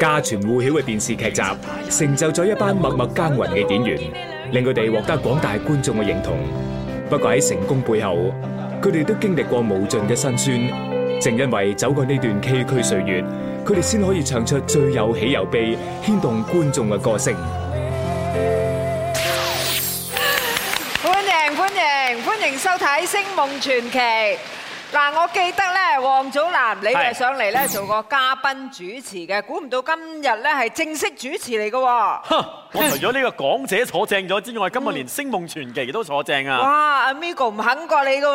家傳戶曉嘅電視劇集，成就咗一班默默耕耘嘅演員，令佢哋獲得廣大觀眾嘅認同。不過喺成功背後，佢哋都經歷過無盡嘅辛酸。正因為走過呢段崎嶇歲月，佢哋先可以唱出最有喜有悲，牽動觀眾嘅歌聲。歡迎歡迎歡迎收睇《星夢傳奇》。嗱，我記得呢，王祖藍，你係上嚟呢，做過嘉賓主持嘅，估唔到今日呢，係正式主持嚟㗎喎。 我除咗呢個港姐坐正咗之外，今日連星夢傳奇都坐正啊！哇，阿 Migo 唔肯過你嘅喎。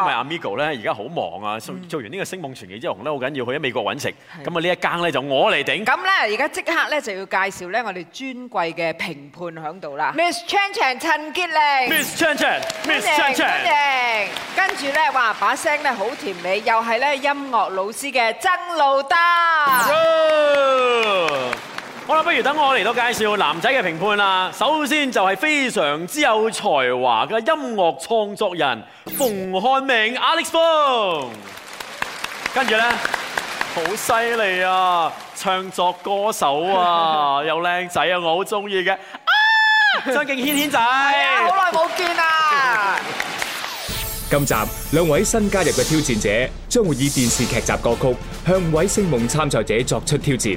因為阿 Migo 咧，而家好忙啊，做做完呢個星夢傳奇之後，咧好緊要去喺美國揾食。咁啊呢一更咧就我嚟頂。咁咧，而家即刻咧就要介紹咧，我哋尊貴嘅評判響度啦。Miss Chan Chan 陳潔靈，Miss Chan Chan，歡迎歡迎。跟住咧，哇，把聲咧好甜美，又係咧音樂老師嘅曾路得。好啦，不如等我嚟到介紹男仔嘅評判啦。首先就係非常之有才華嘅音樂創作人馮翰銘 Alex Fung。跟住呢，好犀利啊，唱作歌手啊，有靚仔啊，我好中意嘅張敬軒軒仔、哎，好耐冇見啊！今集兩位新加入嘅挑戰者將會以電視劇集歌曲向五位星夢參賽者作出挑戰。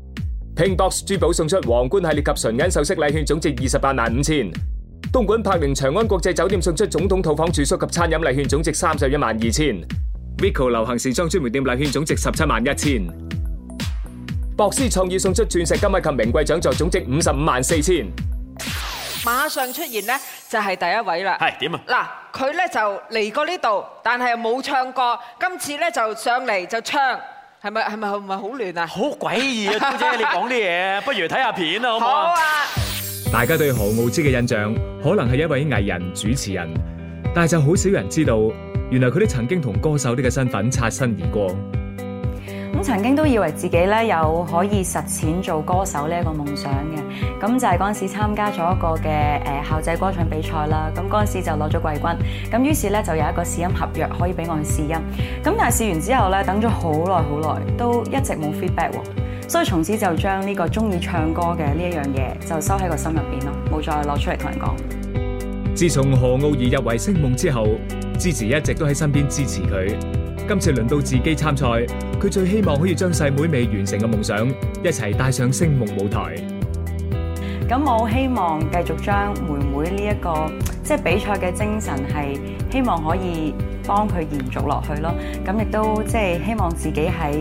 Kingbox 珠寶送出皇冠系列及純銀首飾禮券，總值二十八萬五千；東莞柏寧長安國際酒店送出總統套房住宿及餐飲禮券，總值三十一萬二千；Michael 流行時裝專門店禮券，總值十七萬一千；博思創意送出鑽石金飾及名貴獎座，總值五十五萬四千。馬上出現咧就係第一位啦，係點啊？嗱，佢咧就嚟過呢度，但係冇唱過，今次咧就上嚟就唱。係咪係咪係唔係好亂啊？好詭異啊！姑姐，你講啲嘢， 不如睇下片啦，好唔好？好啊？大家對何傲芝嘅印象，可能係一位藝人主持人，但係就好少人知道，原來佢哋曾經同歌手呢個身份擦身而過。曾經都以為自己咧有可以實踐做歌手呢一個夢想嘅，咁就係嗰陣時參加咗一個嘅誒校際歌唱比賽啦，咁嗰陣時就攞咗季軍，咁於是咧就有一個試音合約可以俾我試音，咁但係試完之後咧等咗好耐好耐，都一直冇 feedback，所以從此就將呢個中意唱歌嘅呢一樣嘢就收喺個心入邊咯，冇再攞出嚟同人講。自從何傲芝入圍星夢之後，支持一直都喺身邊支持佢。今次輪到自己參賽，佢最希望可以將細妹未完成嘅夢想一齊帶上星夢舞台。咁我希望繼續將妹妹呢一個即係比賽嘅精神係，希望可以幫佢延續落去咯。咁亦都即係希望自己喺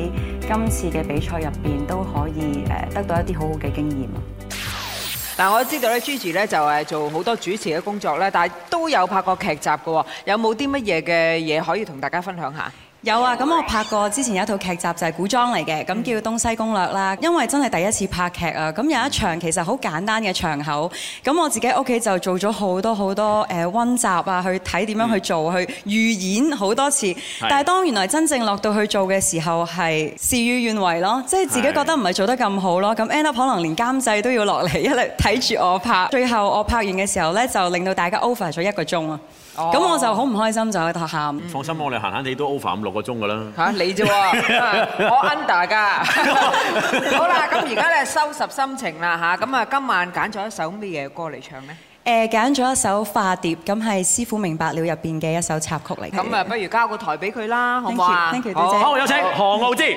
今次嘅比賽入邊都可以誒得到一啲好好嘅經驗。嗱，我知道咧 Gigi 咧就係做好多主持嘅工作咧，但係都有拍過劇集噶，有冇啲乜嘢嘅嘢可以同大家分享下？有啊，咁我拍過之前有一套劇集就係、是、古裝嚟嘅，咁叫《東西攻略》啦。因為真係第一次拍劇啊，咁有一場其實好簡單嘅場口，咁我自己屋企就做咗好多好多誒温習啊，去睇點樣去做，去預演好多次。嗯、但係當原來真正落到去做嘅時候，係事與願違咯，即、就、係、是、自己覺得唔係做得咁好咯。咁 end up 可能連監製都要落嚟一嚟睇住我拍，最後我拍完嘅時候呢，就令到大家 over 咗一個鐘啊。咁、哦、我就好唔開心，就喺度喊。放心，我哋閒閒地都 over 落個鐘㗎啦嚇，你啫喎，我 under 㗎。好啦，咁而家咧收拾心情啦嚇，咁啊今晚揀咗一首咩嘢歌嚟唱呢？誒揀咗一首《化蝶》，咁係《師父明白了》入邊嘅一首插曲嚟嘅。咁啊，不如交個台俾佢啦，好唔好啊？好，有請何傲芝。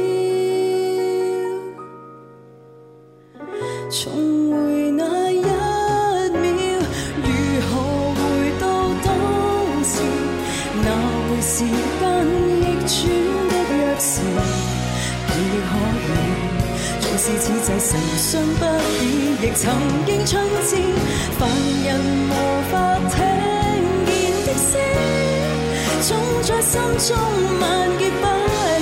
重回那一秒，如何回到當時？那會時間逆轉的若是，你亦可以。縱使此際神信不倚，亦曾經春至凡人無法聽見的聲，總在心中萬劫不。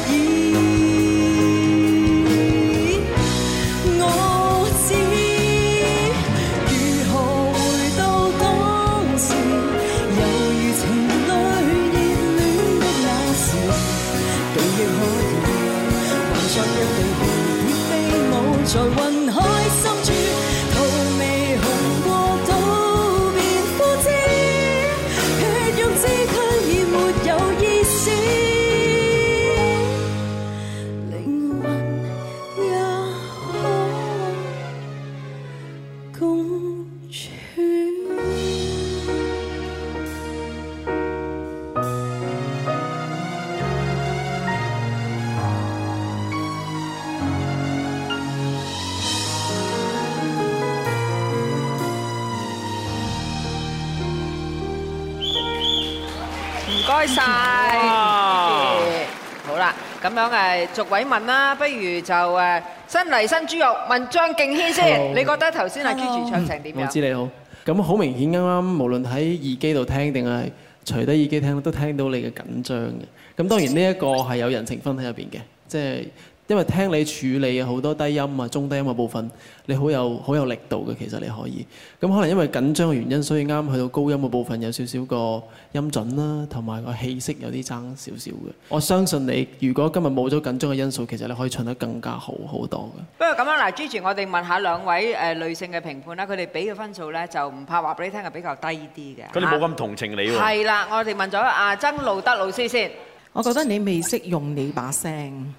誒，續位問啦，不如就誒新嚟新豬肉問張敬軒先。你，好你覺得頭先阿 Gigi 唱成點樣？我知你好，咁好明顯啱啱無論喺耳機度聽定係除低耳機聽，都聽到你嘅緊張嘅。咁當然呢一個係有人情分喺入邊嘅，即係。因為聽你處理啊，好多低音啊、中低音嘅部分，你好有好有力度嘅。其實你可以咁可能因為緊張嘅原因，所以啱去到高音嘅部分有少少個音準啦，同埋個氣息有啲爭少少嘅。我相信你，如果今日冇咗緊張嘅因素，其實你可以唱得更加好好多嘅。不過咁樣嗱，Gigi，我哋問下兩位誒女性嘅評判啦，佢哋俾嘅分數呢就唔怕話俾你聽，係比較低啲嘅。咁你冇咁同情你喎？係啦，我哋問咗阿曾路得老師先，我覺得你未識用你把聲。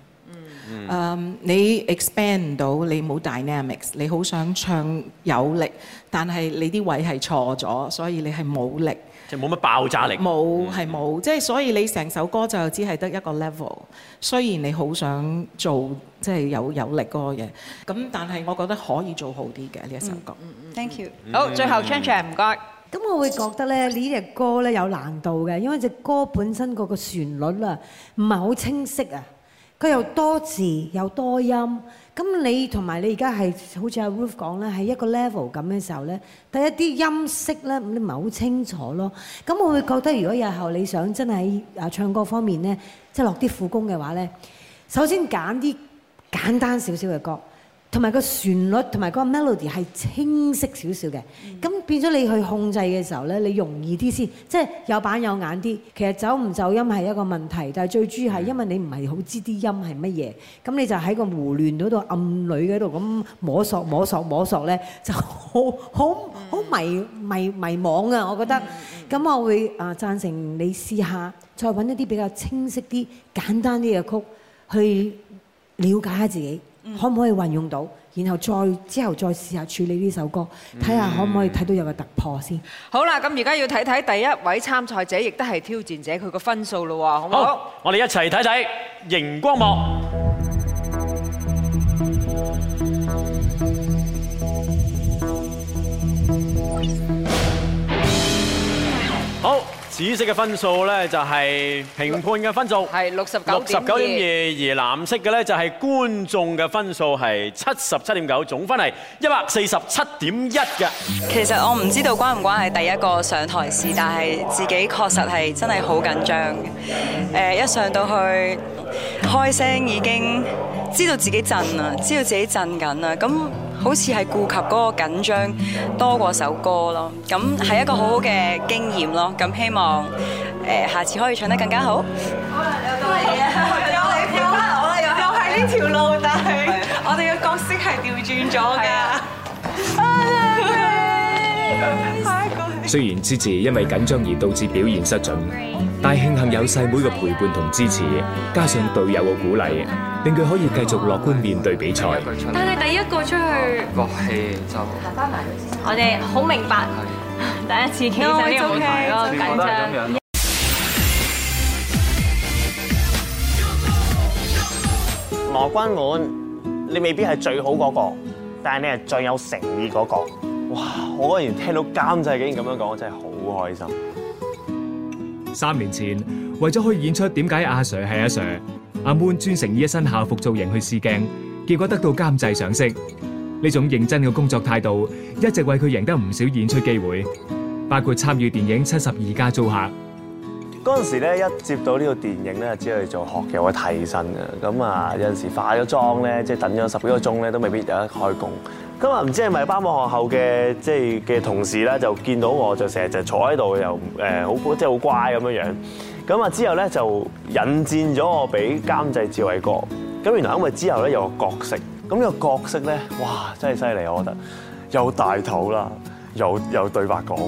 嗯嗯，誒，你 expand 唔到，你冇 dynamics，你好想唱有力，但係你啲位係錯咗，所以你係冇力，即係冇乜爆炸力，冇係冇，即係所以你成首歌就只係得一個 level。雖然你好想做即係有有力嗰個嘢，咁但係我覺得可以做好啲嘅呢一首歌。Thank you。好，最後 change 唔該。咁我會覺得咧呢隻歌咧有難度嘅，因為隻歌本身嗰個旋律啊唔係好清晰啊。佢又多字又多音，咁你同埋你而家係好似阿 Ruth 講咧，係一個 level 咁嘅時候咧，第一啲音色咧，你唔係好清楚咯。咁我會覺得，如果日後你想真係啊唱歌方面咧，即係落啲苦功嘅話咧，首先揀啲簡單少少嘅歌。同埋個旋律同埋嗰 melody 係清晰少少嘅，咁變咗你去控制嘅時候呢，你容易啲先，即係有板有眼啲。其實走唔走音係一個問題，但係最主要係因為你唔係好知啲音係乜嘢，咁你就喺個胡亂嗰度暗裏嗰度咁摸索摸索摸索呢，就好好迷迷迷惘啊！我覺得，咁我會啊贊成你試下，再揾一啲比較清晰啲、簡單啲嘅曲去了解下自己。可唔可以運用到，然後再之後再試下處理呢首歌，睇下可唔可以睇到有個突破先。嗯、好啦，咁而家要睇睇第一位參賽者，亦都係挑戰者佢個分數咯。好唔好？好，我哋一齊睇睇熒光幕。嗯、好。紫色嘅分數呢就係評判嘅分數，係六十九點二；而藍色嘅呢就係觀眾嘅分數，係七十七點九，總分係一百四十七點一嘅。其實我唔知道關唔關係第一個上台試，但係自己確實係真係好緊張嘅。誒，一上到去開聲已經知道自己震啦，知道自己震緊啦，咁。好似係顧及嗰個緊張多過首歌咯，咁係一個好好嘅經驗咯。咁希望誒下次可以唱得更加好。可能有啲嘢，又係呢條路，但係我哋嘅角色係調轉咗㗎。雖然芝芝因為緊張而導致表現失準，但係慶幸有細妹嘅陪伴同支持，加上隊友嘅鼓勵。令佢可以繼續樂觀面對比賽。但係第一個出去，哦、樂器就我哋好明白。嗯、第一次見你，但我好開心。你覺得係咁樣？羅鈞滿你未必係最好嗰、那個，但係你係最有誠意嗰、那個。哇！我嗰年聽到監製竟然咁樣講，我真係好開心。三年前，為咗可以演出，點解阿 Sir 係阿 Sir？阿 moon 專程以一身校服造型去試鏡，結果得到監製賞識。呢種認真嘅工作態度，一直為佢贏得唔少演出機會，包括參與電影《七十二家租客》。嗰陣時咧，一接到呢個電影咧，只係做學友嘅替身嘅。咁啊，有陣時化咗妝咧，即係等咗十幾個鐘咧，都未必有得開工。咁啊，唔知係咪班我學校嘅、嗯、即係嘅同事咧，就見到我就成日就坐喺度，又誒好即係好乖咁樣樣。咁啊，之後咧就引薦咗我俾監製趙偉國，咁原來因為之後咧有個角色，咁呢個角色咧，哇，真係犀利，我覺得有大頭啦，有有對白講喎，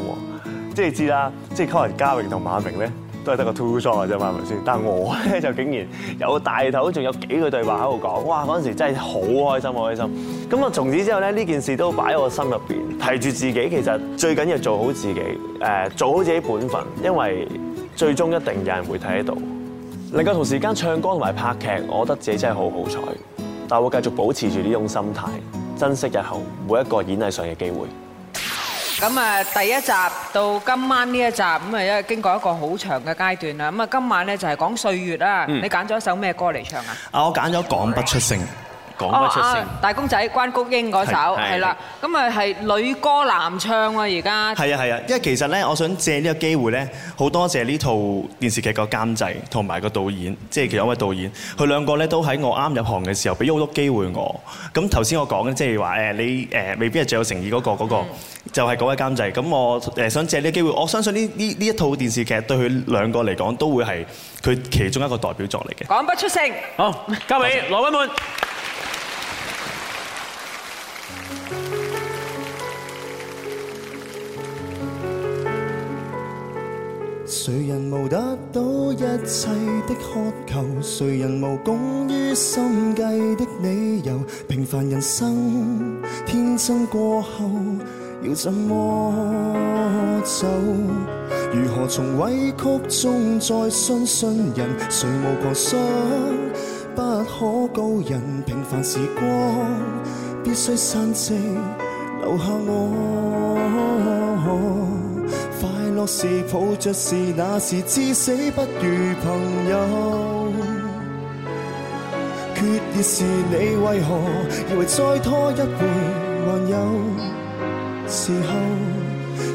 即係知啦，即係可能嘉榮同馬明咧都係得個 two shot 嘅啫嘛，係咪先？但係我咧就竟然有大頭，仲有幾句對白喺度講，哇！嗰陣時真係好開心，好開心。咁啊，從此之後咧，呢件事都擺喺我心入邊，提住自己，其實最緊要做好自己，誒做好自己本分，因為，最終一定有人會睇得到，能夠同時間唱歌同埋拍劇，我覺得自己真係好好彩。但會繼續保持住呢種心態，珍惜日後每一個演藝上嘅機會。咁啊，第一集到今晚呢一集咁啊，因為經過一個好長嘅階段啦。咁啊，今晚咧就係講歲月啦。你揀咗一首咩歌嚟唱啊？啊，我揀咗《講不出聲》。講不出聲。大公仔關菊英嗰首係啦，咁啊係女歌男唱啊，而家。係啊係啊，因為其實咧，我想借呢個機會咧，好多謝呢套電視劇個監製同埋個導演，即係其中一位導演，佢兩個咧都喺我啱入行嘅時候，俾咗好多機會我。咁頭先我講咧，即係話誒你誒未必係最有誠意嗰個嗰個，就係嗰位監製。咁我誒想借呢個機會，我相信呢呢呢一套電視劇對佢兩個嚟講，都會係佢其中一個代表作嚟嘅。講不出聲。好，各位羅賓們。誰人無得到一切的渴求？誰人無功於心計的理由？平凡人生天真過後，要怎麼走？如何從委曲中再相信信人？誰無狂想不可告人？平凡時光必須散席，留下我。是抱着是那時至死不如朋友，決裂是你為何以為再拖一會還有時候，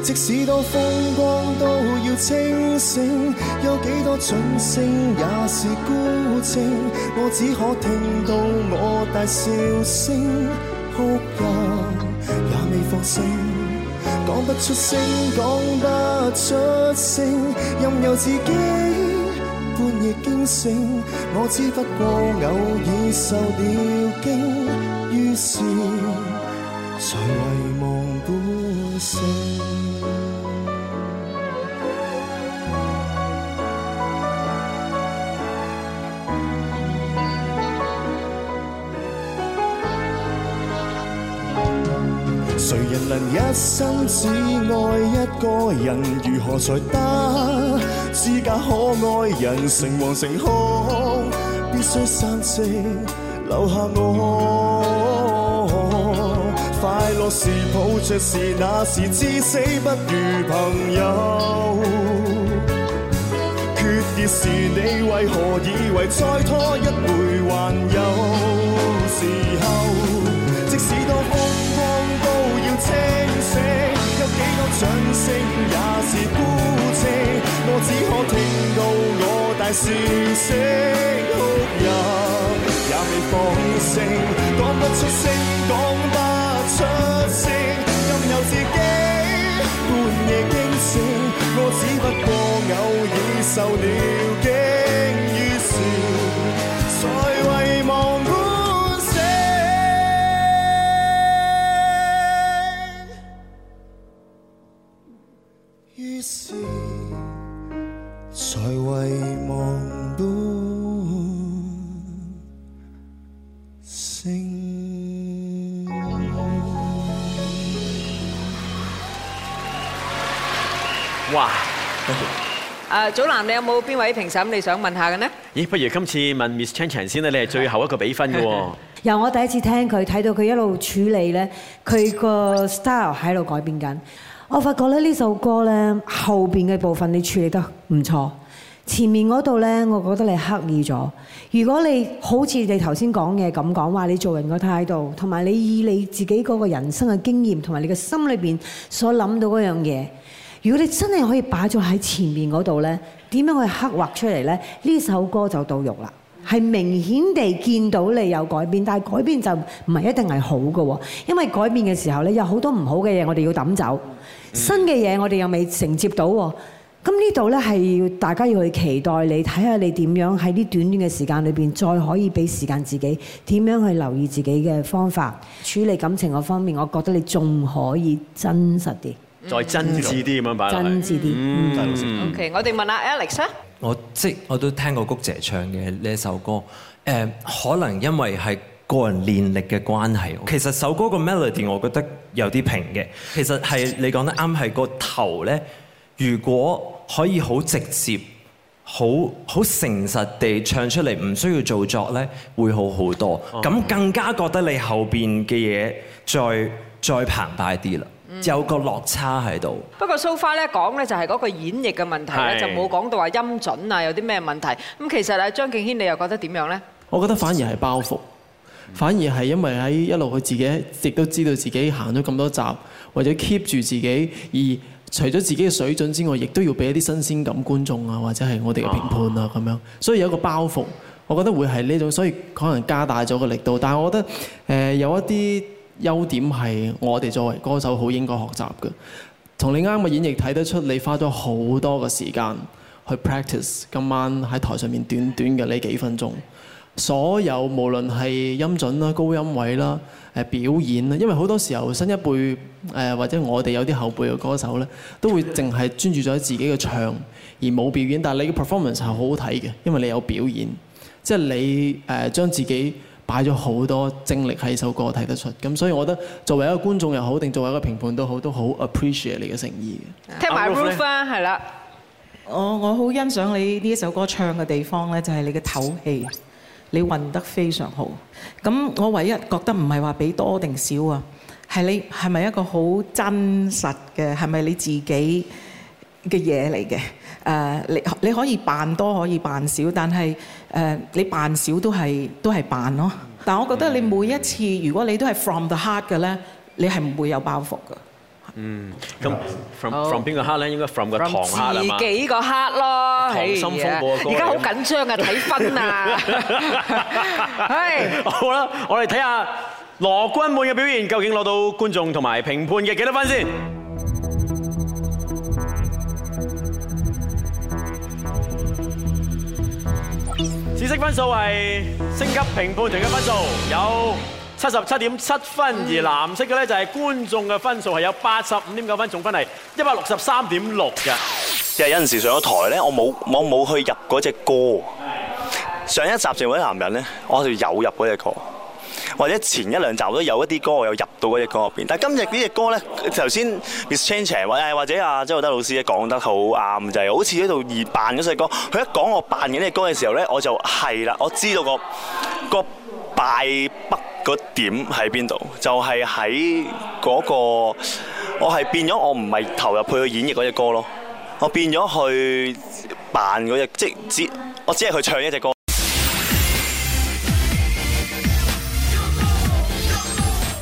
即使多風光都要清醒，有幾多掌聲也是孤清，我只可聽到我大笑聲，哭泣也未放聲。講不出聲，講不出聲，任由自己半夜驚醒。我只不過偶爾受了驚，於是才遺忘本性。誰人能一生只愛一個人？如何才得知更可愛人？成惶成恐，必須散席，留下我。快樂時抱着時，那是至死不渝朋友。決裂時你為何以為再拖一會還有時候？幾多掌聲也是孤清，我只可聽到我大喘聲，哭泣也未放聲，講不出聲，講不出聲，任由自己半夜驚醒，我只不過偶爾受了驚，於是。祖藍，你有冇邊位評審你想問下嘅呢？咦，不如今次問 Miss Chan Chan 先啦，你係最後一個俾分嘅喎。由我第一次聽佢，睇到佢一路處理呢，佢個 style 喺度改變緊。我發覺咧呢首歌呢，後邊嘅部分你處理得唔錯，前面嗰度呢，我覺得你刻意咗。如果你好似你頭先講嘅咁講話，說你做人個態度同埋你以你自己嗰個人生嘅經驗同埋你嘅心裏邊所諗到嗰樣嘢。如果你真係可以擺咗喺前面嗰度呢，點樣去刻畫出嚟呢？呢首歌就到肉啦，係明顯地見到你有改變，但改變就唔係一定係好嘅，因為改變嘅時候呢，有好多唔好嘅嘢我哋要抌走，新嘅嘢我哋又未承接到。咁呢度呢，係要大家要去期待你，睇下你點樣喺呢短短嘅時間裏面，再可以俾時間自己點樣去留意自己嘅方法，處理感情嗰方面，我覺得你仲可以真實啲。再一點放真摯啲咁樣擺，真摯啲。O.K.、嗯、好、我哋問下 Alex。我即我都聽過谷姐唱嘅呢一首歌。誒，可能因為係個人練力嘅關係，其實首歌個 melody 我覺得有啲平嘅。其實係你講得啱，係個頭咧，如果可以好直接、好好誠實地唱出嚟，唔需要做作咧，會好好多。咁更加覺得你後邊嘅嘢再再澎湃啲啦。有個落差喺度。不過 So far 咧講咧就係嗰個演繹嘅問題咧，是的 就冇講到話音準啊，有啲咩問題。咁其實啊，張敬軒你又覺得點樣咧？我覺得反而係包袱，反而係因為喺一路佢自己亦都知道自己行咗咁多集，或者 keep 住自己，而除咗自己嘅水準之外，亦都要俾一啲新鮮感，觀眾啊，或者係我哋嘅評判啊咁樣。所以有個包袱，我覺得會係呢種，所以可能加大咗個力度。但係我覺得誒有一啲優點係我哋作為歌手好應該學習嘅，同你啱嘅演繹睇得出你花咗好多嘅時間去 practice。今晚喺台上面短短嘅呢幾分鐘，所有無論係音準啦、高音位啦、誒表演啦，因為好多時候新一輩誒或者我哋有啲後輩嘅歌手呢，都會淨係專注咗自己嘅唱而冇表演。但係你嘅 performance 係好好睇嘅，因為你有表演，即係你誒將自己。擺咗好多精力喺首歌，睇得出，咁所以我覺得作為一個觀眾又好，定作為一個評判都好，都好 appreciate 你嘅誠意嘅。聽埋 roof 啊，係啦對了。我我好欣賞你呢一首歌唱嘅地方呢，就係你嘅唞氣，你混得非常好。咁我唯一覺得唔係話俾多定少啊，係你係咪一個好真實嘅？係咪你自己？嘅嘢嚟嘅，誒，你你可以扮多，可以扮少，但係誒，你扮少都係都係扮咯。但係我覺得你每一次如果你都係 from the heart 嘅咧，你係唔會有包袱㗎。嗯，咁 from from 邊個 heart 咧？應該 from 個糖 heart 啊嘛。從自己個 heart 咯，溏心風暴。而家好緊張啊，睇分啊！好啦，我哋睇下羅鈞滿嘅表現，究竟攞到觀眾同埋評判嘅幾多分先？綠色分數係星級評判團嘅分數，有七十七點七分，而藍色嘅咧就係觀眾嘅分數係有八十五點九分，總分係一百六十三點六嘅。其實有陣時上咗台咧，我冇我冇去入嗰隻歌。上一集成為男人咧，我係有入嗰隻歌。或者前一兩集都有一啲歌，我有入到嗰隻歌入邊。但係今日呢隻歌呢，頭先 Miss Chan 或、或者阿周柏德老師咧講得好啱，就係好似喺度二扮嗰隻歌。佢一講我扮緊呢隻歌嘅時候呢，我就係啦，我知道、嗰個、嗰個敗筆個點喺邊度，就係喺嗰個我係變咗，我唔係投入去去演繹嗰隻歌咯，我變咗去扮嗰隻，即係只我只係去唱一隻歌。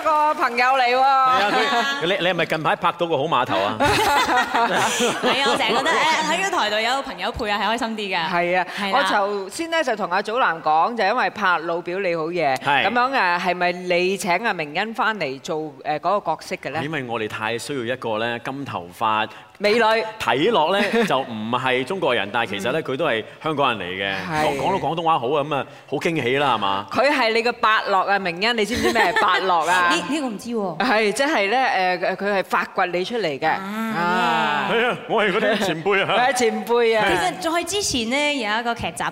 個朋友嚟喎，你你係咪近排拍到個好碼頭啊？係啊，我成日覺得喺個台度有朋友配啊，係開心啲嘅。係啊，我頭先咧就同阿祖藍講，就因為拍老表你好嘢，咁樣誒係咪你請阿明恩翻嚟做誒嗰個角色嘅咧？因為我哋太需要一個咧金頭髮美女，睇落咧就唔係中國人，但係其實咧佢都係香港人嚟嘅，講到廣東話好啊，咁啊好驚喜啦，係嘛？佢係你個伯樂啊，明恩，你知唔知咩係伯樂啊？呢個唔知喎，係即係咧誒，佢係發掘你出嚟嘅。啊，係啊，我係嗰啲前輩啊，係前輩啊。其實仲係之前咧有一個劇集誒，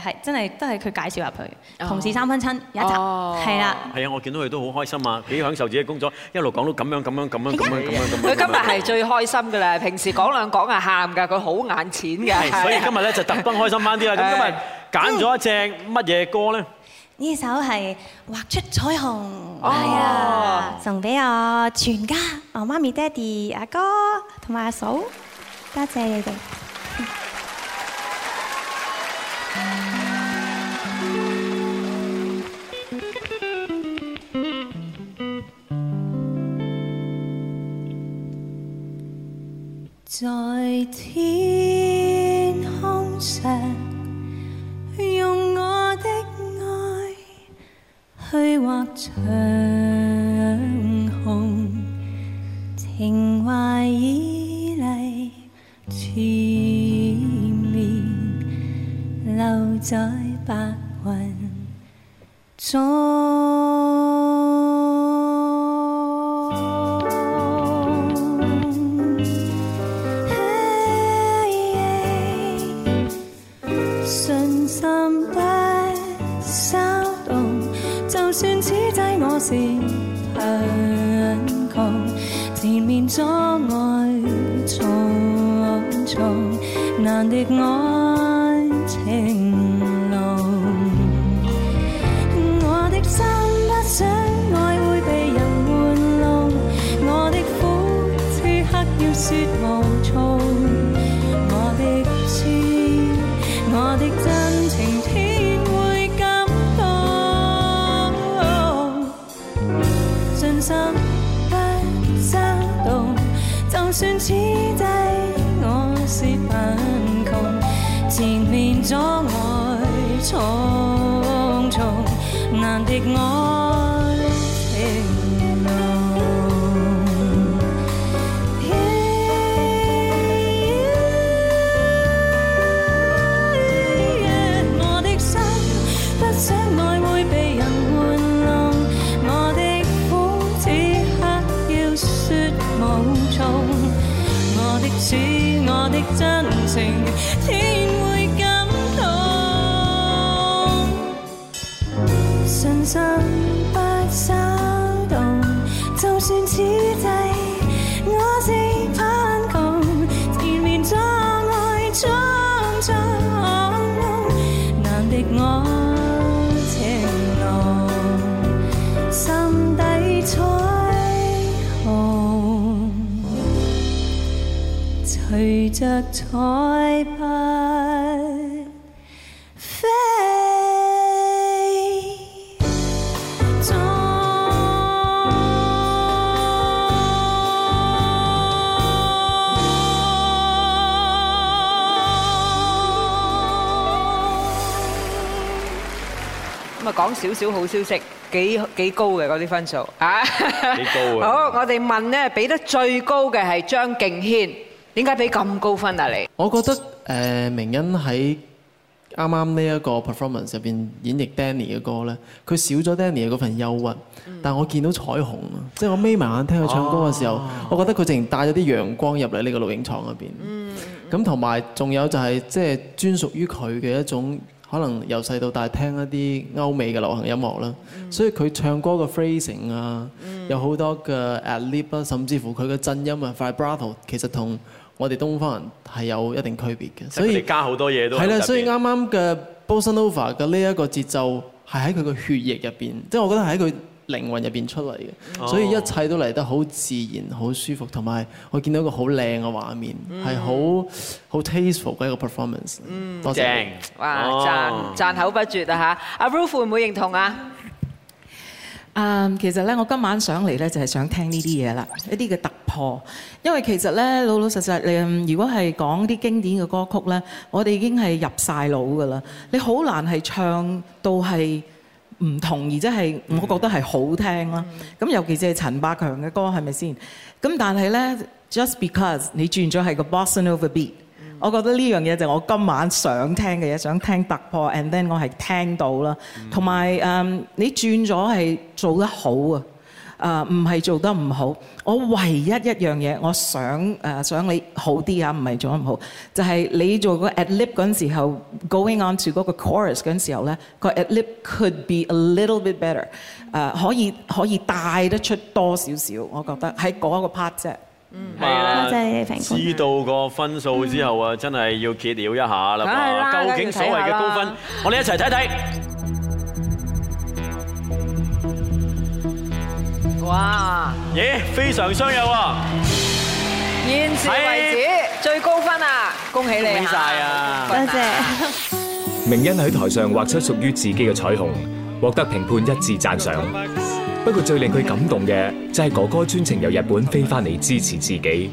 係真係都係佢介紹入去《同事三分親》一集，係啦。係啊，我見到佢都好開心啊，幾享受自己工作，一路講到咁樣咁樣咁樣咁樣咁樣咁。佢今日係最開心㗎啦，平時講兩講係喊㗎，佢好眼淺㗎。係，所以今日咧就特登開心翻啲啦！咁今日揀咗一隻乜嘢歌咧？呢首係畫出彩虹，係啊，送俾我全家，我媽咪、爹哋、阿哥同埋阿嫂，多謝你哋。在天空上用。褪畫長虹，情懷旖旎纏綿，前面留在白雲中。講少少好消息，幾幾高嘅嗰啲分數啊！幾高啊！好，我哋問咧，俾得最高嘅係張敬軒，點解俾咁高分啊？你我覺得誒，明恩喺啱啱呢一個 performance 入邊演繹 Danny 嘅歌咧，佢少咗 Danny 嘅嗰份憂鬱，但我見到彩虹啊！即係我眯埋眼聽佢唱歌嘅時候，我覺得佢淨係帶咗啲陽光入嚟呢個錄影廠入邊。嗯，咁同埋仲有就係即係專屬於佢嘅一種。可能由細到大聽一啲歐美嘅流行音樂啦，所以佢唱歌嘅 phrasing 啊，有好多嘅 ad lib 啊，甚至乎佢嘅震音啊、vibrato 其實同我哋東方人係有一定區別嘅。所以加好多嘢都係啦，所以啱啱嘅 bossa nova 嘅呢一個節奏係喺佢嘅血液入邊，即係我覺得係喺佢靈魂入邊出嚟嘅，所以一切都嚟得好自然、好舒服，同埋我見到一個好靚嘅畫面，係好好 tasteful 嘅一個 performance。多謝，正、嗯，哇，讚讚口不絕啊嚇！阿 Ralph 會唔會認同啊？嗯，其實咧，我今晚上嚟咧就係想聽呢啲嘢啦，一啲嘅突破。因為其實咧，老老實實，你如果係講啲經典嘅歌曲咧，我哋已經係入晒腦㗎啦。你好難係唱到係。唔同而即係，我覺得係好聽啦。咁、嗯、尤其即係陳百強嘅歌係咪先？咁但係咧，just because 你轉咗係個 bossa、嗯、nova beat，我覺得呢樣嘢就係我今晚想聽嘅嘢，想聽突破，and then 我係聽到啦。同埋、嗯呃、你轉咗係做得好啊！誒唔係做得唔好，我唯一一樣嘢，我想誒、呃、想你好啲嚇，唔係做得唔好，就係、是、你做個 ad lib 嗰陣時候，going on to 嗰個 chorus 嗰陣時候咧，個 ad lib could be a little bit better，誒、呃、可以可以帶得出多少少，我覺得喺嗰個 part 啫。嗯，係啦，即係知道個分數之後啊，嗯、真係要揭曉一下啦。了究竟所謂嘅高分，看看我哋一齊睇睇。哇！耶，非常相有啊！現時為止最高分啊！恭喜你啊！恭喜晒啊！多謝。明恩喺台上畫出屬於自己嘅彩虹，獲得評判一致讚賞。不過最令佢感動嘅，就係哥哥專程由日本飛翻嚟支持自己。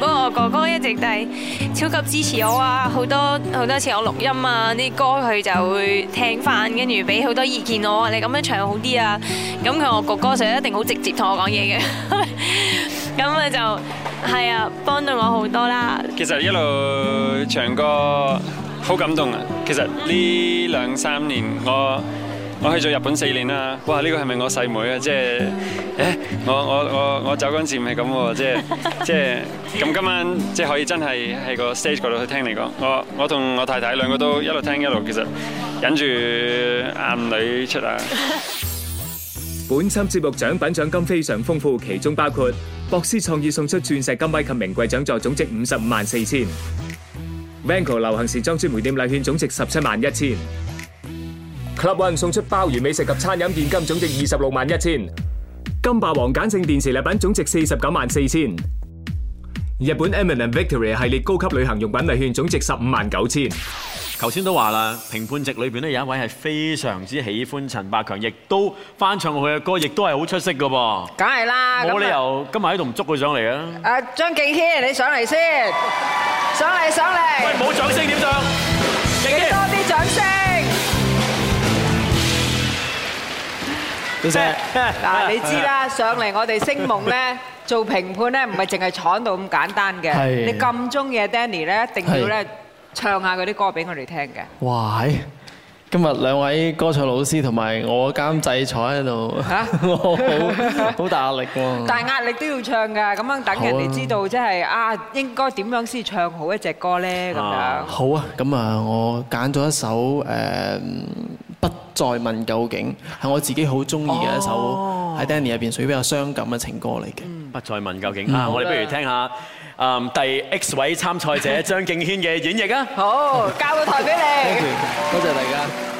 不過我哥哥一直都係超級支持我啊！好多好多次我錄音啊，啲歌佢就會聽翻，跟住俾好多意見我。你咁樣唱好啲啊！咁佢我哥哥就一定好直接同我講嘢嘅。咁啊就係啊，幫到我好多啦。其實一路唱歌好感動啊！其實呢兩三年我。我去咗日本四年啦，哇！呢個係咪我細妹啊？即係，誒，我我我我走嗰陣時唔係咁喎，即係即係，咁今晚即係可以真係喺個 stage 嗰度去聽你講。我我同我太太兩個都一路聽一路，其實忍住眼淚出啊！本輯節目獎品獎金非常豐富，其中包括博思創意送出鑽石金幣、及名貴獎座，總值五十五萬四千；Vanco 流行時裝專門店禮券總值十七萬一千。Club One 送出鮑魚美食及餐飲現金總值二十六萬一千，金霸王鹼性電池禮品總值四十九萬四千，日本 Eminent Victory 系列高級旅行用品禮券總值十五萬九千。頭先都話啦，評判席裏邊咧有一位係非常之喜歡陳百強，亦都翻唱佢嘅歌，亦都係好出色噶噃。梗係啦，冇理由今日喺度唔捉佢上嚟啊！誒，張敬軒，你上嚟先，上嚟上嚟。喂，冇掌聲點上？多啲掌聲。嗱你知啦，上嚟我哋星夢咧做評判咧，唔係淨係坐喺度咁簡單嘅。你咁中意 Danny 咧，一定要咧唱下嗰啲歌俾我哋聽嘅。哇！今日兩位歌唱老師同埋我監製坐喺度，嚇，好大壓力喎。大壓力都要唱嘅，咁樣等人哋知道即係啊，應該點樣先唱好一隻歌咧咁樣。好啊，咁啊，我揀咗一首誒。再問究竟係我自己好中意嘅一首喺 Danny 入邊屬於比較傷感嘅情歌嚟嘅。不再問究竟啊！我哋不如聽下誒第 X 位參賽者張敬軒嘅演繹啊！好，交個台俾你，多謝,謝,謝大家。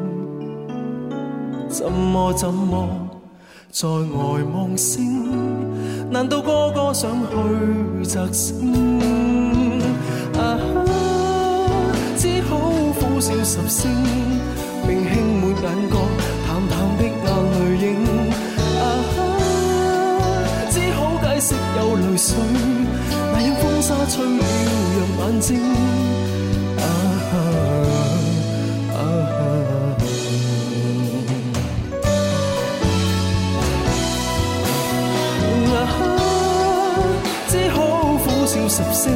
怎麼怎麼在呆望星？難道個個想去摘星？啊哈，只好苦笑十聲，並輕抹眼角淡淡的眼淚影。啊哈，只好解釋有淚水，那樣風沙吹了入眼睛。十聲，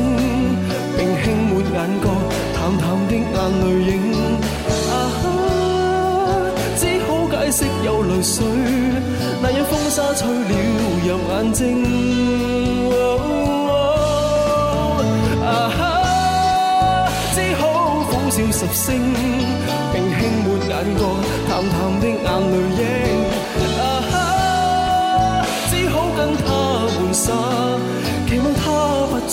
並輕抹眼角，淡淡的眼淚影。啊，只好解釋有淚水，那樣風沙吹了入眼睛。哦哦、啊，只好苦笑十聲，並輕抹眼角，淡淡的眼淚影。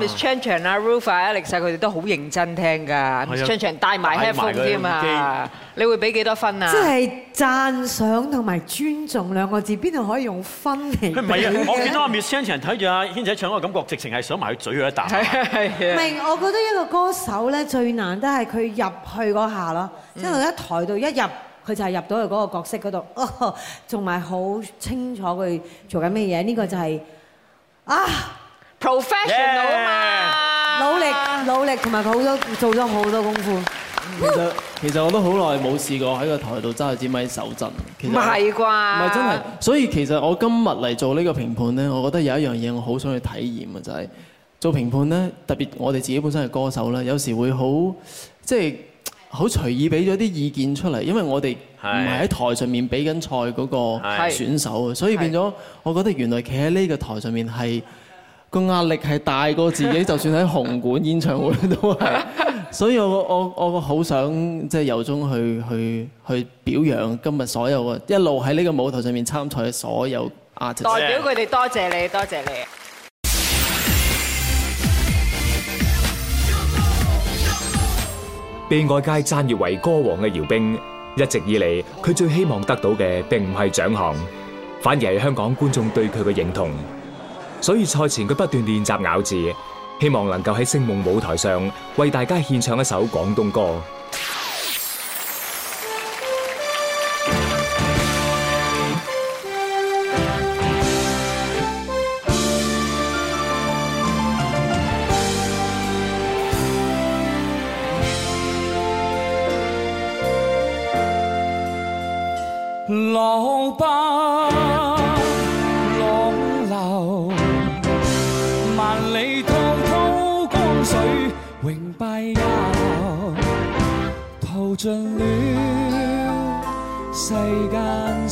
Miss Chan Chan 啊，Rufa 啊，力世佢哋都好認真聽㗎，Miss Chan Chan 戴埋 headphone 添啊，你會俾幾多分啊？即係讚賞同埋尊重兩個字，邊度可以用分嚟？佢唔係啊！我見到阿 Miss Chan Chan 睇住阿軒仔唱嗰個感覺，直情係想埋佢嘴嗰一啖。明我覺得一個歌手咧最難都係佢入去嗰下咯，即係佢一抬到一入佢就係入到去嗰個角色嗰度，仲埋好清楚佢做緊咩嘢。呢個就係啊！professional 啊嘛努，努力努力，同埋佢好多做咗好多功夫其，其實其實我都好耐冇試過喺個台度揸支咪手震。其實，唔係啩？唔係真係，所以其實我今日嚟做呢個評判咧，我覺得有一樣嘢我好想去體驗嘅就係做評判咧，特別我哋自己本身係歌手咧，有時會好即係好隨意俾咗啲意見出嚟，因為我哋唔係喺台上面俾緊賽嗰個選手啊，所以變咗我覺得原來企喺呢個台上面係。個壓力係大過自己，就算喺紅館演唱會都係，所以我我我好想即係由衷去去去表揚今日所有嘅一路喺呢個舞台上面參賽嘅所有 artist。代表佢哋多謝你，多謝你。被外界讚譽為歌王嘅姚兵，一直以嚟佢最希望得到嘅並唔係獎項，反而係香港觀眾對佢嘅認同。所以賽前佢不斷練習咬字，希望能夠喺星夢舞台上為大家獻唱一首廣東歌。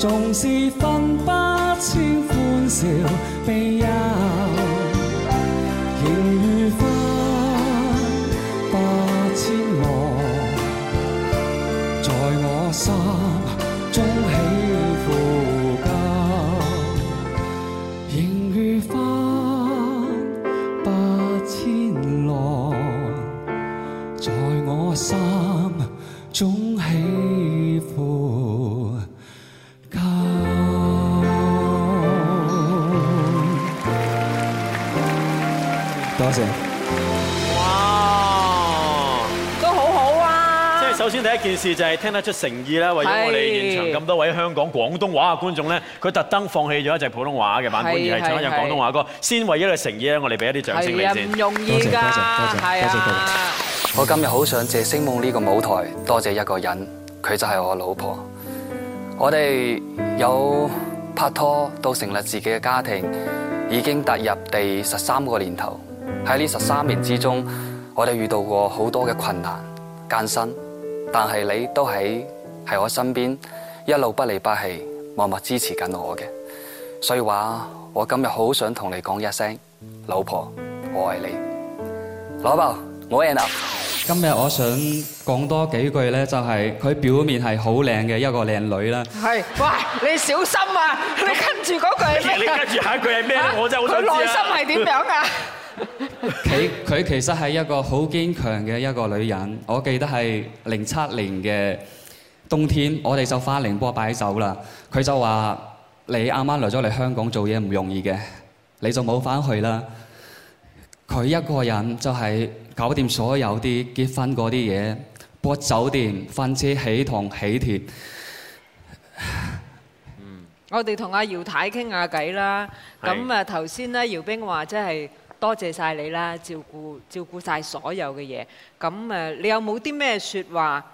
縱是分不清歡笑悲憂，仍願翻百千浪在我心。第一件事就係聽得出誠意啦。為咗我哋現場咁多位香港廣東話嘅觀眾咧，佢特登放棄咗一隻普通話嘅版本，而係唱一隻廣東話歌，先為咗個誠意咧，我哋俾一啲掌聲先。唔容易，多謝多謝多謝，多謝，謝，謝，謝，謝，謝，我今日好想借星夢呢個舞台，多謝，謝一個人，佢就係我老婆。我哋有拍拖到成立自己嘅家庭，已經踏入第十三個年頭。喺呢十三年之中，我哋遇到過好多嘅困難艱辛。但係你都喺係我身邊，一路不離不棄，默默支持緊我嘅。所以話我今日好想同你講一聲，老婆，我愛你。老婆，我認啦。今日我想講多幾句咧，就係佢表面係好靚嘅一個靚女啦。係，喂，你小心啊！你跟住嗰句，你跟住下一句係咩？我真係好想知啊！佢內心係點樣啊？佢佢其實係一個好堅強嘅一個女人，我記得係零七年嘅冬天，我哋就返寧波擺酒啦。佢就話：你啱啱嚟咗嚟香港做嘢唔容易嘅，你就冇翻去啦。佢一個人就係搞掂所有啲結婚嗰啲嘢，撥酒店、婚車、喜糖、喜帖。我哋同阿姚太傾下偈啦。咁啊，頭先咧，姚冰話即係。多謝晒你啦，照顧照顧晒所有嘅嘢。咁誒，你有冇啲咩説話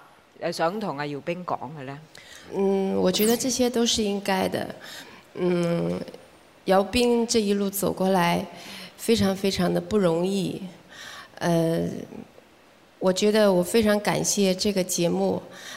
誒想同阿姚兵講嘅咧？嗯，我覺得這些都是應該的。嗯，姚兵這一路走過來非常非常的不容易。嗯，我覺得我非常感謝這個節目。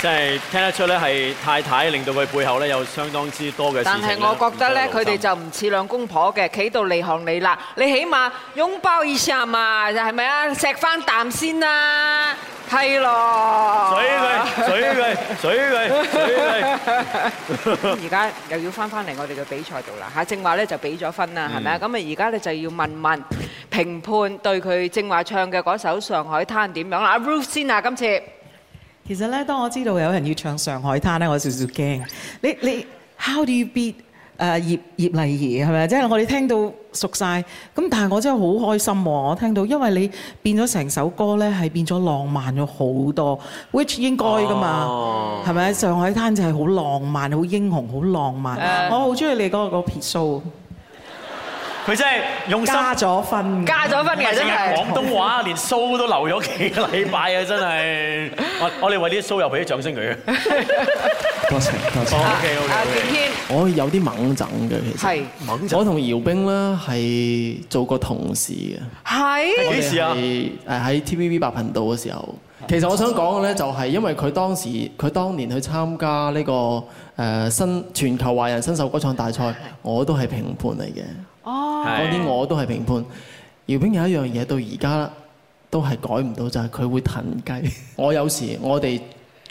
即係聽得出咧，係太太令到佢背後咧有相當之多嘅事情。但係我覺得咧，佢哋就唔似兩公婆嘅，企到離行離立。你起碼擁抱一下嘛，係咪啊？錫翻啖先啦，係咯。水佢，水佢，水佢，水佢。咁而家又要翻翻嚟我哋嘅比賽度啦嚇。正話咧就俾咗分啦，係咪啊？咁啊而家咧就要問問評判對佢正話唱嘅嗰首《上海灘》點樣啦？阿 Ruth 先啊，今次。其實咧，當我知道有人要唱《上海灘》咧，我少少驚。你你 How do you beat 誒葉葉，葉麗儀係咪？即係、就是、我哋聽到熟晒。咁但係我真係好開心喎！我聽到，因為你變咗成首歌咧，係變咗浪漫咗好多。Which 應該㗎嘛？係咪、哦《上海灘》就係好浪漫、好英雄、好浪漫？我好中意你嗰個個 p 佢真係用加咗分，的加了分的，加咗分嘅真係廣東話，連鬚都留咗幾個禮拜啊！真係我我哋為呢啲鬚又俾啲掌聲佢啊！多謝多謝。OK OK。阿志田軒 我有啲懵憎嘅，其實係懵是 惰我同姚冰咧係做過同事嘅，係幾時啊？誒喺 TVB 八頻道嘅時候，其實我想講嘅咧就係因為佢當時佢當年去參加呢個誒新全球華人新秀歌唱大賽，我都係評判嚟嘅。哦的當年我都係評判。姚兵有一樣嘢到而家都改唔到，就係佢會騰雞。我有時我哋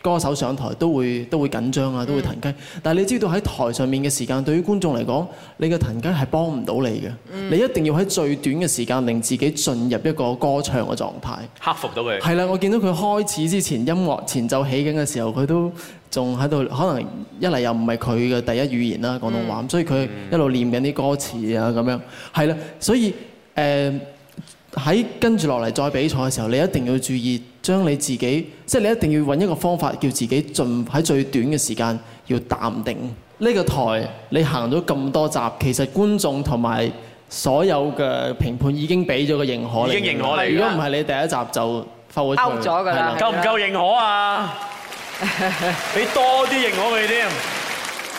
歌手上台都會都會緊張啊，都會騰雞。嗯、但係你知道喺台上面嘅時間，對於觀眾嚟講，你嘅騰雞係幫唔到你嘅。嗯、你一定要喺最短嘅時間令自己進入一個歌唱嘅狀態，克服到佢。係啦，我見到佢開始之前，音樂前奏起緊嘅時候，佢都仲喺度，可能一嚟又唔係佢嘅第一語言啦，廣東話、嗯所他等等，所以佢一路念緊啲歌詞啊咁樣。係、呃、啦，所以誒喺跟住落嚟再比賽嘅時候，你一定要注意。將你自己，即係你一定要揾一個方法，叫自己盡喺最短嘅時間要淡定。呢個台你行咗咁多集，其實觀眾同埋所有嘅評判已經俾咗個認可，你已經認可你。如果唔係你第一集就 foul 咗㗎啦，夠唔夠認可啊？俾 多啲認可佢添。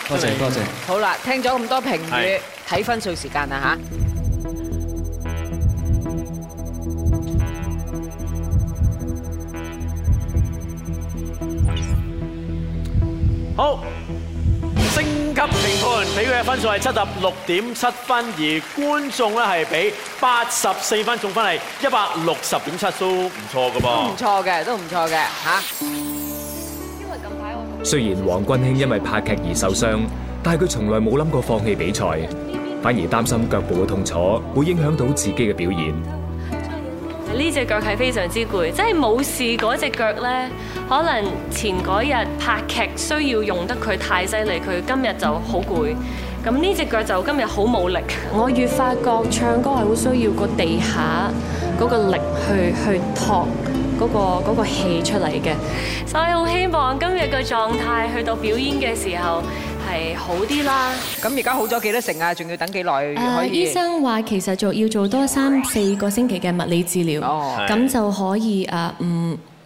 多謝多謝。吧好啦，聽咗咁多評語，睇是的 分數時間啦吓。好，星級評判俾佢嘅分數係七十六點七分，而觀眾咧係俾八十四分，總分係一百六十點七數，唔錯噶噃，唔錯嘅，都唔錯嘅吓。因為近排我雖然王君馨因為拍劇而受傷，但係佢從來冇諗過放棄比賽，反而擔心腳部嘅痛楚會影響到自己嘅表現。呢隻腳係非常之攰，即係冇事嗰隻腳呢，可能前嗰日拍劇需要用得佢太犀利，佢今日就好攰。咁呢隻腳就今日好冇力。我越發覺唱歌係好需要個地下嗰個力去去託嗰個嗰個氣出嚟嘅，所以好希望今日嘅狀態去到表演嘅時候。係好啲啦，咁而家好咗幾多成啊？仲要等幾耐可以？誒，醫生話其實做要做多三、四個星期嘅物理治療，咁是的 就可以誒，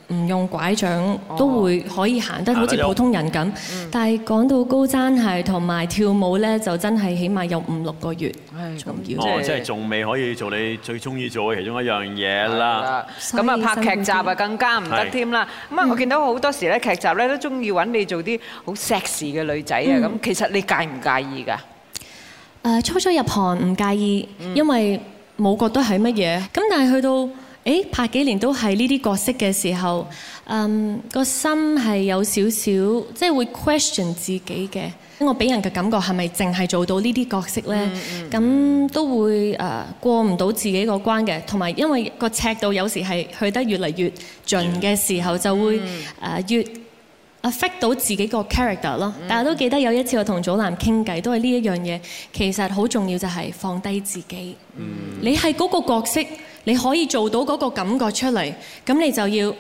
唔用枴杖都會可以行得好似普通人咁，但係講到高踭鞋同埋跳舞咧，就真係起碼有五六個月。係咁樣，即係仲未可以做你最中意做嘅其中一樣嘢啦。咁啊拍劇集啊更加唔得添啦。咁啊我見到好多時咧劇集咧都中意揾你做啲好 sexy 嘅女仔啊，咁其實你介唔介意噶？誒初初入行唔介意，因為冇覺得係乜嘢。咁但係去到誒拍幾年都係呢啲角色嘅時候，嗯，個心係有少少，即係會 question 自己嘅。我俾人嘅感覺係咪淨係做到呢啲角色呢？咁、嗯嗯、都會誒、呃、過唔到自己個關嘅。同埋因為個尺度有時係去得越嚟越盡嘅時候，就會、呃、越 affect 到自己個 character 咯。大家都記得有一次我同祖藍傾偈，都係呢一樣嘢。其實好重要就係放低自己。嗯、你係嗰個角色。你可以做到嗰個感覺出嚟，咁你就要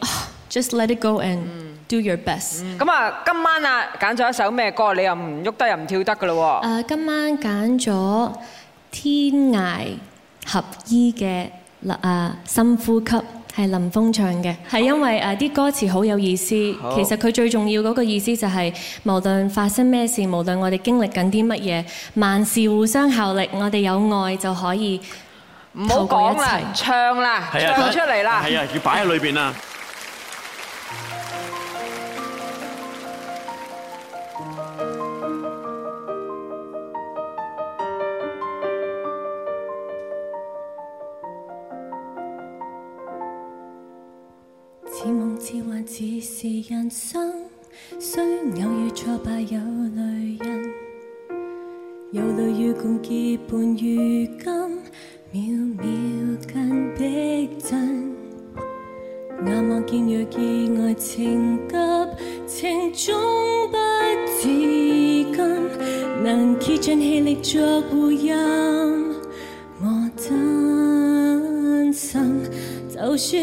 just let it go and do your best。咁啊，今晚啊，揀咗一首咩歌？你又唔喐得又唔跳得噶咯？誒，今晚揀咗《天涯俠醫》嘅啊深呼吸，係林峰唱嘅，係因為誒啲歌詞好有意思。其實佢最重要嗰個意思就係，無論發生咩事，無論我哋經歷緊啲乜嘢，萬事互相效力，我哋有愛就可以。唔好講啦，唱啦，唱出嚟啦！係啊，要擺喺裏邊啊！似夢似幻，似是人生，雖然與挫敗有淚印，有淚與共結伴如今。意外情急，情終不自禁，能竭盡氣力作護音樂。我真心，就算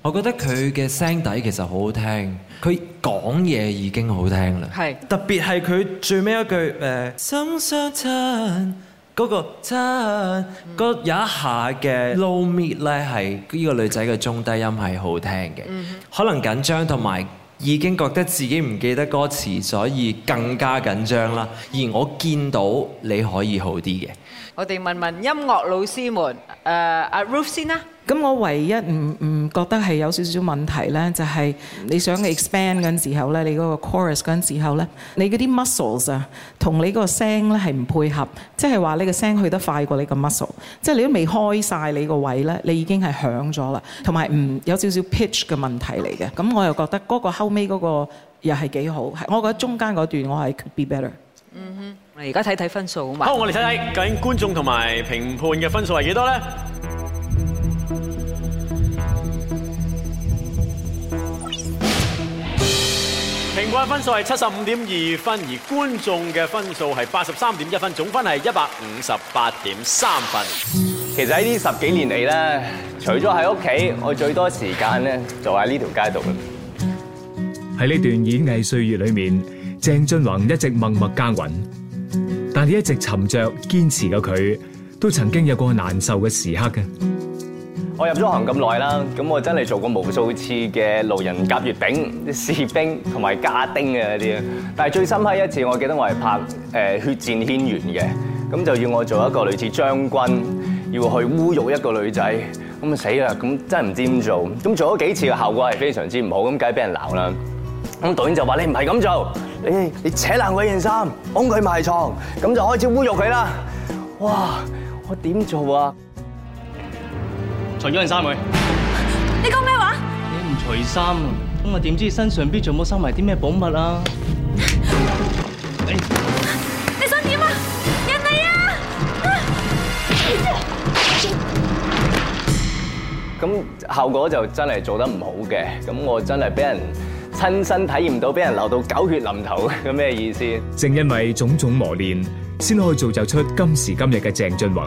我覺得佢嘅聲底其實好好聽，佢講嘢已經好聽啦。特別係佢最尾一句誒，心相親嗰個親，嗰個有一下嘅露面咧，係呢個女仔嘅中低音係好聽嘅。可能緊張同埋已經覺得自己唔記得歌詞，所以更加緊張啦。而我見到你可以好啲嘅，我哋問問音樂老師們誒，阿 Ruth 先啦。咁我唯一唔唔、嗯嗯、覺得係有少少問題咧，就係你想 expand 嗰陣時候咧、嗯，你嗰個 chorus 嗰陣時候咧，你嗰啲 muscles 啊，同你嗰個聲咧係唔配合，即係話你個聲去得快過、就是、你個 muscle，即係你都未開晒你個位咧，你已經係響咗啦，同埋唔有少少 pitch 嘅問題嚟嘅。咁、嗯、我又覺得嗰個後尾嗰個又係幾好，我覺得中間嗰段我係 could be better。嗯哼，而家睇睇分數好嘛？好，我哋睇睇究竟觀眾同埋評判嘅分數係幾多咧？平均分數係七十五點二分，而觀眾嘅分數係八十三點一分，總分係一百五十八點三分。其實喺呢十幾年嚟咧，除咗喺屋企，我最多時間咧就喺呢條街度啦。喺呢段演藝歲月裏面，鄭俊弘一直默默耕耘，但係一直沉着堅持嘅佢，都曾經有過難受嘅時刻嘅。我入咗行咁耐啦，咁我真係做過無數次嘅路人甲乙丙、士兵同埋家丁嘅嗰啲，但係最深刻一次，我記得我係拍血戰軒轅嘅，咁就要我做一個類似將軍，要去侮辱一個女仔，咁啊死啦，咁真係唔知點做，咁做咗幾次嘅效果係非常之唔好，咁梗係俾人鬧啦。咁導演就話：你唔係咁做，你你扯爛佢件衫，掹佢埋床。咁就開始侮辱佢啦。哇！我點做啊？除咗人三妹，你講咩話？你唔除衫，咁我點知你身上邊仲冇收埋啲咩寶物啊？你你想點啊？人哋啊！咁效果就真係做得唔好嘅，咁我真係俾人親身體驗到俾人流到狗血淋頭咁咩意思？正因為種種磨練，先可以造就出今時今日嘅鄭俊弘。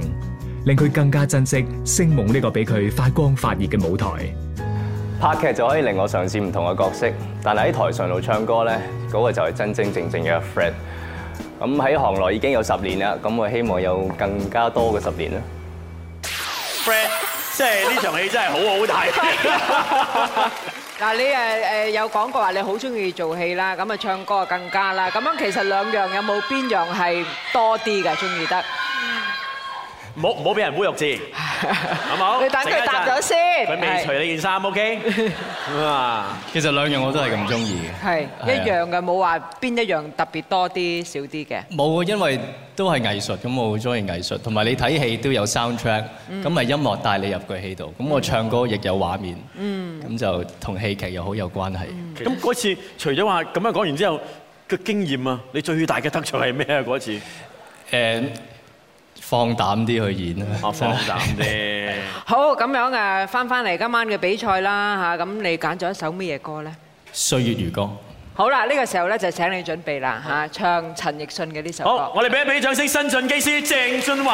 令佢更加珍惜星夢呢個俾佢發光發熱嘅舞台。拍劇就可以令我嘗試唔同嘅角色，但係喺台上度唱歌咧，嗰個就係真真正正嘅 Fred。咁喺行內已經有十年啦，咁我希望有更加多嘅十年啦。Fred，即係呢場戲真係好好睇。嗱，你誒誒有講過話你好中意做戲啦，咁啊唱歌更加啦。咁樣其實兩樣有冇邊樣係多啲嘅中意得？唔好唔好俾人侮辱字，好冇？你等佢答咗先。佢未除你件衫，OK？咁啊，其實兩樣我都係咁中意嘅。係一樣嘅，冇話邊一樣特別多啲少啲嘅。冇，因為都係藝術咁，我好中意藝術。同埋你睇戲都有 soundtrack，咁咪音樂帶你入佢戲度。咁我唱歌亦有畫面，咁就同戲劇又好有關係。咁嗰次除咗話咁樣講完之後嘅經驗啊，你最大嘅得著係咩啊？嗰次誒。放膽啲去演啦！啊，放膽啲。好咁樣啊，翻返嚟今晚嘅比賽啦嚇。咁你揀咗一首咩嘢歌咧？《歲月如歌》。好啦，呢個時候咧就請你準備啦嚇，是 唱陳奕迅嘅呢首歌。好，我哋俾一俾掌聲，新進機師鄭俊弘。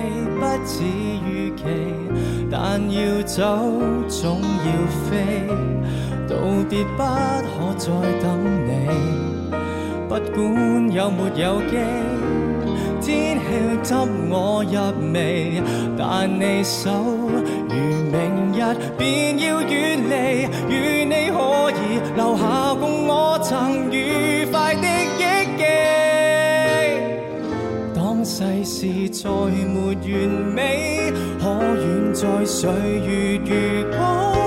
不似預期，但要走總要飛，道別不可再等你。不管有沒有機，天氣給我入味，但你手如明日便要遠離，願你可以留下共我曾遇。世事再沒完美，可遠在歲月如歌。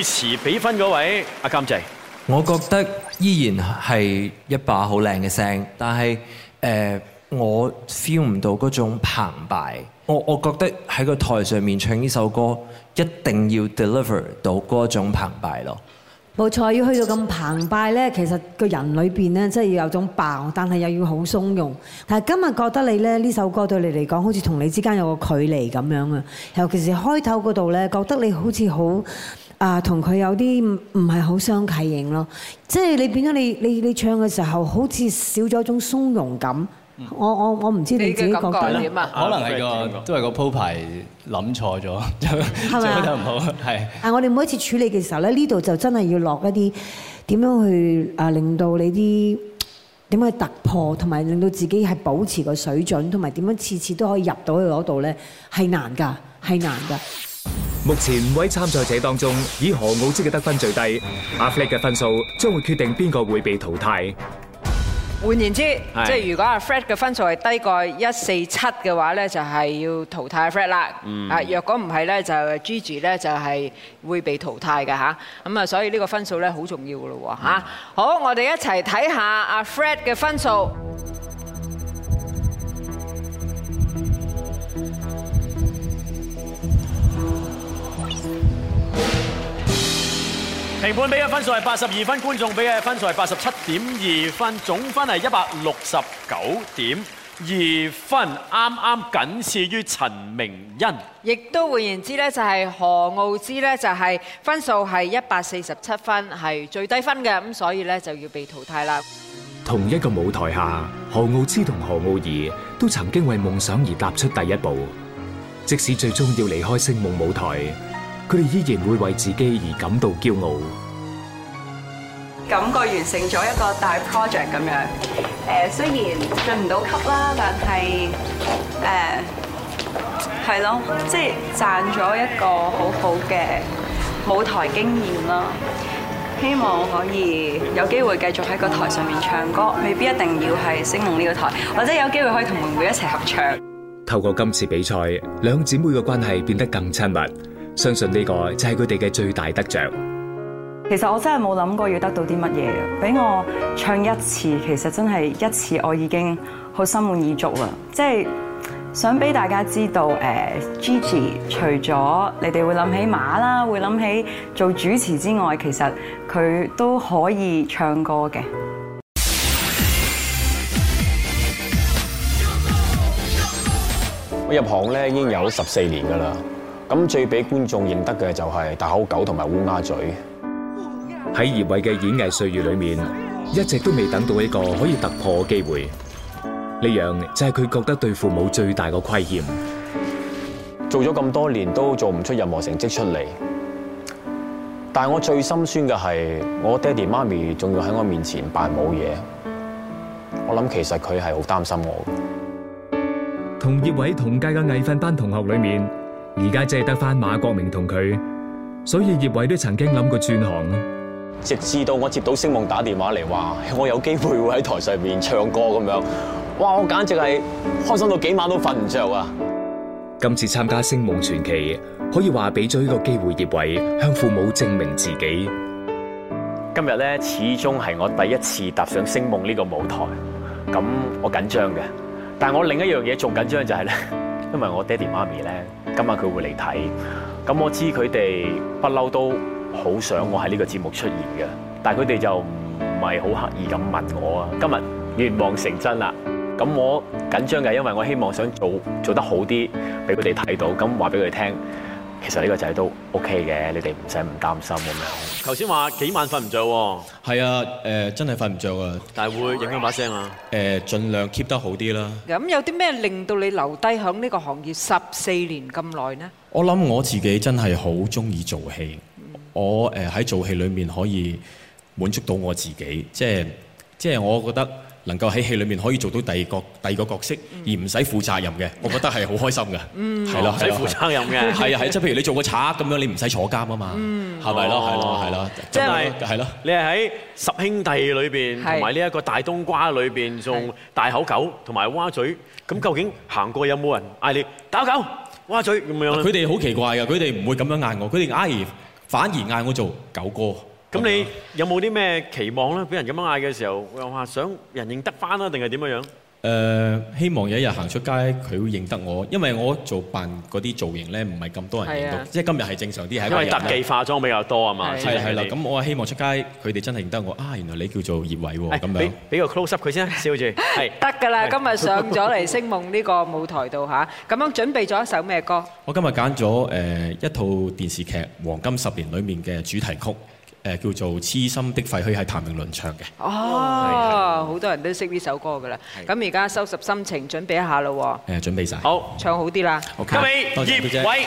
支持比分嗰位阿甘仔，我覺得依然係一把好靚嘅聲，但係誒、呃，我 feel 唔到嗰種澎湃。我我覺得喺個台上面唱呢首歌一定要 deliver 到嗰種澎湃咯。冇錯，要去到咁澎湃呢，其實個人裏邊呢真係要有種爆，但係又要好鬆容。但係今日覺得你呢呢首歌對你嚟講，好似同你之間有個距離咁樣啊。尤其是開頭嗰度呢，覺得你好似好～啊，同佢有啲唔係好相契應咯，即係你變咗你你你唱嘅時候，好似少咗種從容感我。我我我唔知你自己覺得點啊？可能係個都係個鋪排諗錯咗，係咪？做得唔好。係。但我哋每一次處理嘅時候咧，呢度就真係要落一啲點樣去啊，令到你啲點樣去突破，同埋令到自己係保持個水準，同埋點樣次次都可以入到去嗰度咧，係難㗎，係難㗎。目前五位參賽者當中，以何傲芝嘅得分最低，阿 Fred 嘅分數將會決定邊個會被淘汰。換言之，是即係如果阿 Fred 嘅分數係低過一四七嘅話咧，就係、是、要淘汰 Fred 啦。啊、嗯，若果唔係咧，就 Gigi 咧就係會被淘汰嘅吓。咁啊，所以呢個分數咧好重要噶咯喎吓。嗯、好，我哋一齊睇下阿 Fred 嘅分數。評判比嘅分數係八十二分，觀眾比嘅分數係八十七點二分，總分係一百六十九點二分，啱啱僅次於陳明恩。亦都換言之咧，就係、是、何傲芝咧，就係分數係一百四十七分，係最低分嘅，咁所以咧就要被淘汰啦。同一個舞台下，何傲芝同何傲兒都曾經為夢想而踏出第一步，即使最終要離開星夢舞台，佢哋依然會為自己而感到驕傲，感覺完成咗一個大 project 咁樣。誒，雖然進唔到級啦，但係誒係咯，即係賺咗一個好好嘅舞台經驗啦。希望可以有機會繼續喺個台上面唱歌，未必一定要係星夢呢個台，或者有機會可以同妹妹一齊合唱。透過今次比賽，兩姊妹嘅關係變得更親密。相信呢個就係佢哋嘅最大得著。其實我真係冇諗過要得到啲乜嘢，俾我唱一次，其實真係一次，我已經好心滿意足啦。即係想俾大家知道，誒 Gigi 除咗你哋會諗起馬啦，會諗起做主持之外，其實佢都可以唱歌嘅。我入行咧已經有十四年噶啦。咁最俾觀眾認得嘅就係大口九同埋烏鴉嘴。喺葉暐嘅演藝歲月裏面，一直都未等到一個可以突破嘅機會。呢樣就係佢覺得對父母最大嘅虧欠。做咗咁多年都做唔出任何成績出嚟，但係我最心酸嘅係，我爹哋媽咪仲要喺我面前扮冇嘢。我諗其實佢係好擔心我。同葉暐同屆嘅藝訓班同學裏面，而家淨係得翻馬國明同佢，所以葉暐都曾經諗過轉行。直至到我接到星夢打電話嚟話，我有機會會喺台上面唱歌咁樣，哇！我簡直係開心到幾晚都瞓唔着啊！今次參加星夢傳奇，可以話俾咗呢個機會葉暐向父母證明自己。今日咧，始終係我第一次踏上星夢呢個舞台，咁我緊張嘅，但我另一樣嘢仲緊張嘅就係咧。因為我爹哋媽咪咧，今晚佢會嚟睇，咁我知佢哋不嬲都好想我喺呢個節目出現嘅，但佢哋就唔係好刻意咁問我啊。今日願望成真啦，咁我緊張㗎，因為我希望想做做得好啲俾佢哋睇到，咁話俾佢哋聽。其實呢個仔都 OK 嘅，你哋唔使唔擔心咁樣。頭先話幾晚瞓唔着喎，係啊，誒真係瞓唔着啊，呃、啊但係會影響把聲啊。誒、呃，盡量 keep 得好啲啦。咁有啲咩令到你留低響呢個行業十四年咁耐呢？我諗我自己真係好鍾意做戲，嗯、我誒喺做戲裏面可以滿足到我自己，即係即係我覺得。能夠喺戲裏面可以做到第二個第二個角色，而唔使負責任嘅，我覺得係好開心嘅，係咯，唔使負責任嘅，係啊係啊，即係譬如你做個賊咁樣，你唔使坐監啊嘛，係咪咯？係咯係咯，即係係咯，你係喺《十兄弟》裏邊同埋呢一個大冬瓜裏邊，仲大口九同埋蛙嘴，咁究竟行過有冇人嗌你大口九蛙嘴咁樣咧？佢哋好奇怪嘅，佢哋唔會咁樣嗌我，佢哋嗌反而嗌我做九哥。咁你有冇啲咩期望咧？俾人咁樣嗌嘅時候，我又話想人認得翻啊，定係點樣樣？誒，希望有一日行出街，佢會認得我，因為我做扮嗰啲造型咧，唔係咁多人認到，即係今日係正常啲係一個人。因為特技化妝比較多啊嘛，係啦係啦。咁我啊希望出街佢哋真係認得我啊。原來你叫做葉暐喎，咁樣俾個 close up 佢先，笑住係得㗎啦。今日上咗嚟星夢呢個舞台度嚇，咁樣準備咗一首咩歌？我今日揀咗誒一套電視劇《黃金十年》裡面嘅主題曲。誒叫做《痴心的廢墟》係譚詠麟唱嘅。哦，好多人都識呢首歌㗎啦。咁而家收拾心情，準備一下啦。誒，準備晒，好，唱好啲啦。好，交俾葉暐。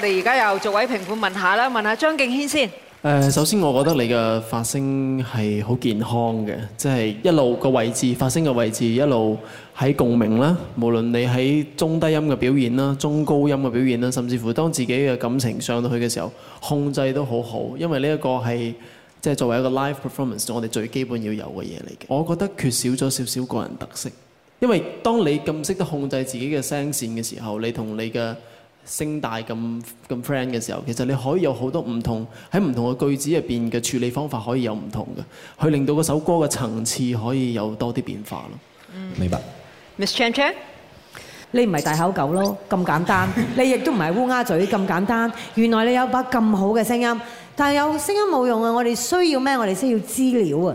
我哋而家又作位評判問下啦，問下張敬軒先。誒，首先我覺得你嘅發聲係好健康嘅，即係一路個位置發聲嘅位置，一路喺共鳴啦。無論你喺中低音嘅表演啦，中高音嘅表演啦，甚至乎當自己嘅感情上到去嘅時候，控制都好好。因為呢一個係即係作為一個 live performance，我哋最基本要有嘅嘢嚟嘅。我覺得缺少咗少少個人特色，因為當你咁識得控制自己嘅聲線嘅時候，你同你嘅聲大咁咁 friend 嘅時候，其實你可以有好多唔同，喺唔同嘅句子入邊嘅處理方法可以有唔同嘅，去令到嗰首歌嘅層次可以有多啲變化咯。明白。Miss Chan Chan，你唔係大口九咯，咁簡單。你亦都唔係烏鴉嘴咁簡單。原來你有把咁好嘅聲音，但係有聲音冇用啊！我哋需要咩？我哋需要資料啊！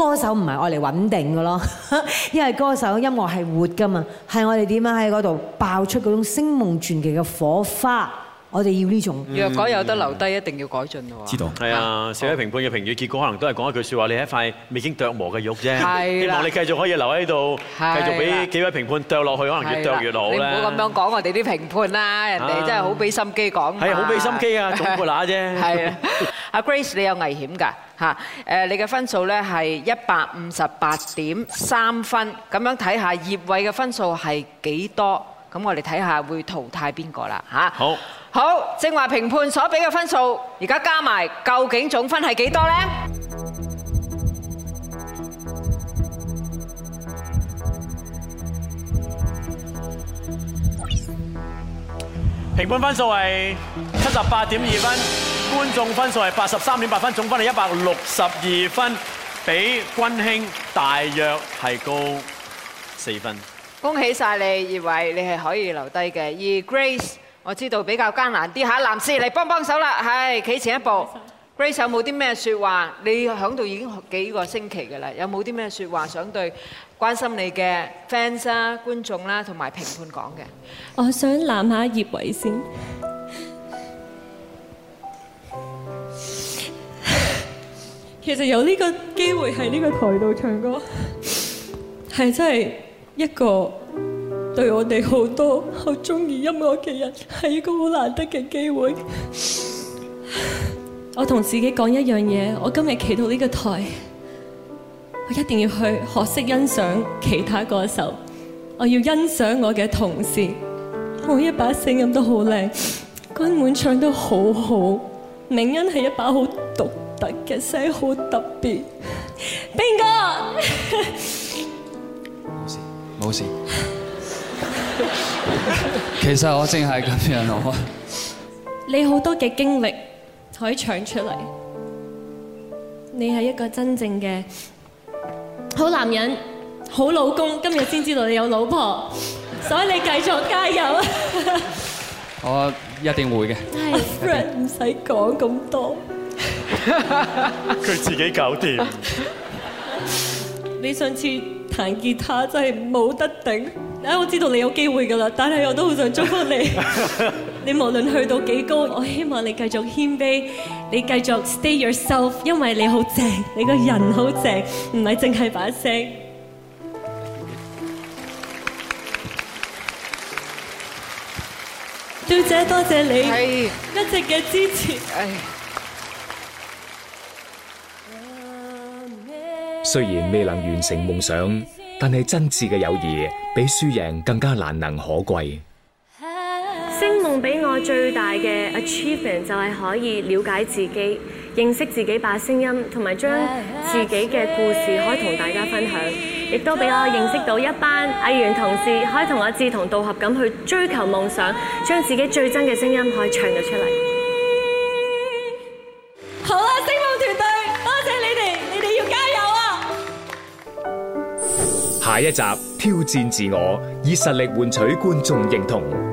歌手唔係愛嚟穩定嘅咯，因為歌手音樂係活㗎嘛，係我哋點樣喺嗰度爆出嗰種星夢傳奇嘅火花。我哋要呢種。若果有得留低，一定要改進喎。知道。係啊，四位評判嘅評語結果可能都係講一句説話，你係塊未經琢磨嘅玉啫。係啦。希望你繼續可以留喺度，繼續俾幾位評判啄落去，可能越啄越好咧。你唔好咁樣講我哋啲評判啦，人哋真係好俾心機講。係啊，好俾心機啊，總括下啫。係啊，阿 Grace 你有危險㗎嚇。誒，你嘅分數咧係一百五十八點三分，咁樣睇下葉暐嘅分數係幾多？咁我哋睇下會淘汰邊個啦嚇。好。好，正話評判所俾嘅分數，而家加埋究竟總分係幾多呢？評判分數係七十八點二分，觀眾分數係八十三點八分，總分係一百六十二分，比君馨大約係高四分。恭喜晒你，葉暐，你係可以留低嘅。而 Grace。我知道比較艱難啲，吓藍絲嚟幫幫手啦，係，企前一步。Grace 有冇啲咩説話？你喺度已經幾個星期㗎啦，有冇啲咩説話想對關心你嘅 fans 啦、觀眾啦同埋評判講嘅？我想攬下葉暐先。其實有呢個機會喺呢個台度唱歌，係真係一個。對我哋好多好中意音樂嘅人係一個好難得嘅機會。我同自己講一樣嘢，我今日企到呢個台，我一定要去學識欣賞其他歌手。我要欣賞我嘅同事，每一把聲音都好靚，根本唱得好好。明恩係一把好獨特嘅聲，好特別。邊個？冇事，冇事。其實我淨係咁樣，我你好多嘅經歷可以唱出嚟。你係一個真正嘅好男人、好老公，今日先知道你有老婆，所以你繼續加油。我一定會嘅。係。Fred 唔使講咁多，佢自己搞掂。你上次彈吉他真係冇得頂。啊！我知道你有機會㗎喇，但係我都好想祝福你。你無論去到幾高，我希望你繼續謙卑，你繼續 stay yourself，因為你好正，你個人好正，唔係淨係把聲。小姐，多謝你一直嘅支持。雖然未能完成夢想。但係真摯嘅友誼，比輸贏更加難能可貴。星夢俾我最大嘅 achievement 就係可以了解自己、認識自己、把聲音同埋將自己嘅故事可以同大家分享，亦都俾我認識到一班藝員同事可以同我志同道合咁去追求夢想，將自己最真嘅聲音可以唱到出嚟。好下一集挑戰自我，以實力換取觀眾認同。